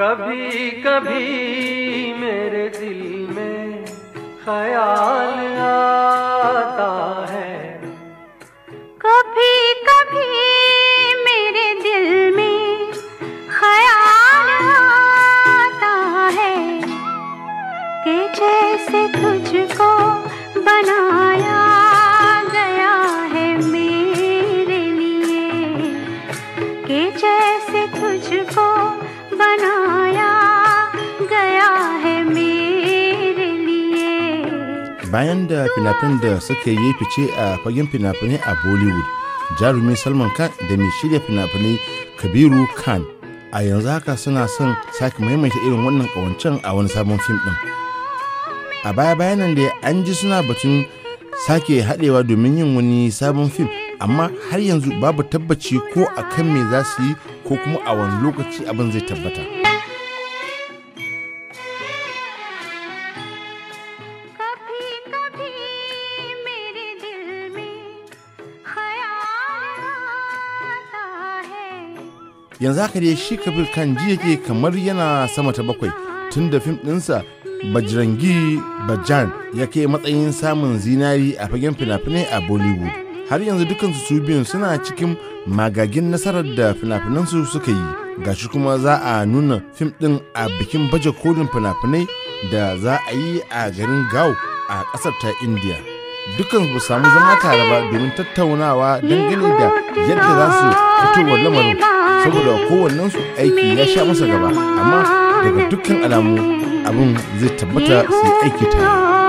कभी कभी मेरे दिल में ख्याल आता है कभी कभी मेरे दिल में ख्याल आता है कि जैसे तुझको बनाया गया है मेरे लिए कि जैसे तुझको बनाया bayan da finafin da suka yi fice uh, a fagen finafinai a uh, bollywood jarumi salman khan da mai shirya finafinai kabiru khan a yanzu haka suna son sake maimaita irin wannan kawancen a wani sabon fim din a baya bayanan da an ji suna batun sake haɗewa domin yin wani sabon fim amma har yanzu babu tabbaci ko a kan me za su yi ko kuma a wani lokaci abin zai tabbata yanzu haka dai shi kafin kan ji yake kamar yana sama ta bakwai tun da fim ɗinsa bajrangi bajan ya kai matsayin samun zinari a fagen fina-finai a bollywood har yanzu dukansu su biyun suna cikin magagin nasarar da finafinansu suka yi gashi kuma za a nuna fim ɗin a bikin baje kolin finafinai da za a yi a garin gao a ƙasar ta india dukan su samu zama tare ba domin tattaunawa dangane da yadda za su fito wa lamarin saboda kowannen su aiki ya sha masa gaba amma daga dukkan alamu abin zai tabbata su yi aiki tare